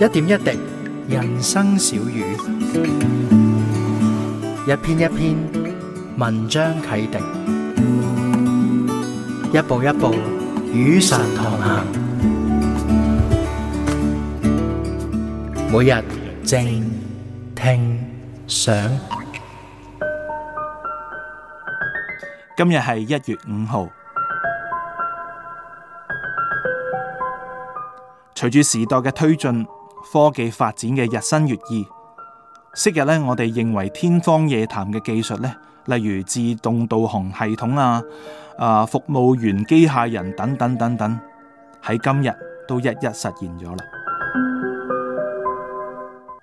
一點一滴，人生小語；一篇一篇，文章啟迪；一步一步，雨傘同行。每日靜聽想，今日係一月五號。隨住時代嘅推進。科技發展嘅日新月異，昔日咧我哋認為天方夜譚嘅技術咧，例如自動導航系統啊、啊服務員機械人等等等等，喺今日都一一實現咗啦。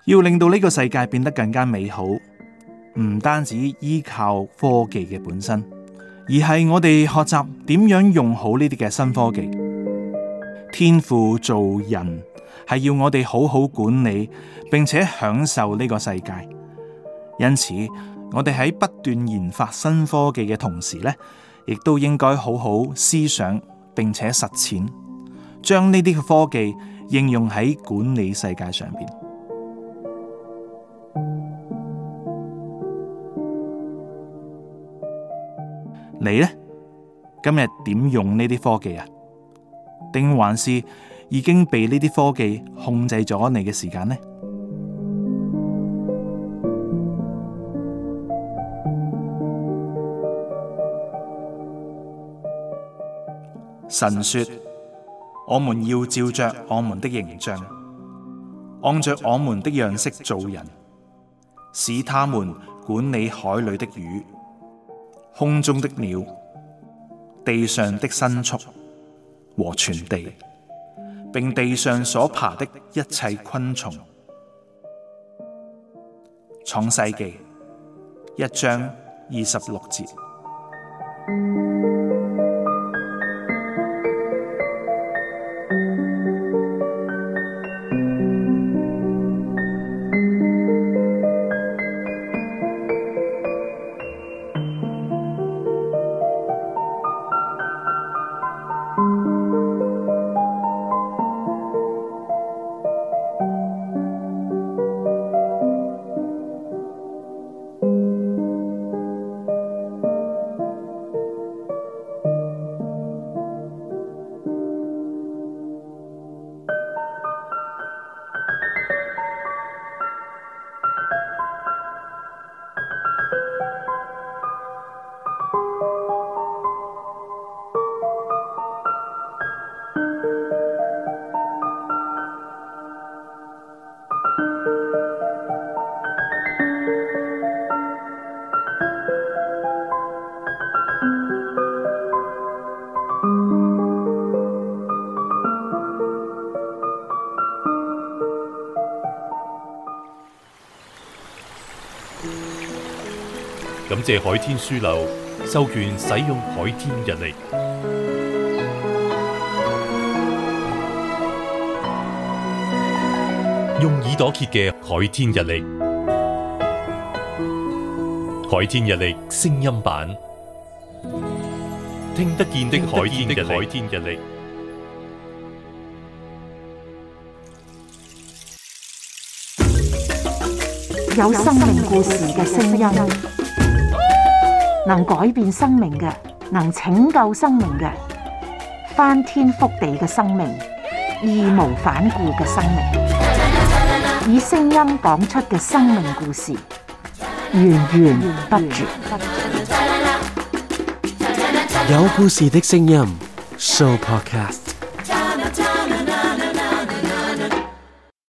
要令到呢個世界變得更加美好，唔單止依靠科技嘅本身，而係我哋學習點樣用好呢啲嘅新科技，天父做人。係要我哋好好管理，並且享受呢個世界。因此，我哋喺不斷研發新科技嘅同時呢，亦都應該好好思想，並且實踐，將呢啲嘅科技應用喺管理世界上邊。你呢？今日點用呢啲科技啊？定還是？已經被呢啲科技控制咗你嘅時間呢？神說：我們要照着我們的形象，按著我們的樣式造人，使他們管理海裡的魚、空中的鳥、地上的牲畜和全地。並地上所爬的一切昆蟲，創世紀一章二十六節。感謝海天書樓授權使用海天日曆，用耳朵揭嘅海天日曆，海天日曆聲音版，聽得見的海天日曆，有生命故事嘅聲音。能改變生命嘅，能拯救生命嘅，翻天覆地嘅生命，義無反顧嘅生命，以聲音講出嘅生命故事，源源不絕。有故事的聲音，Sooo Podcast。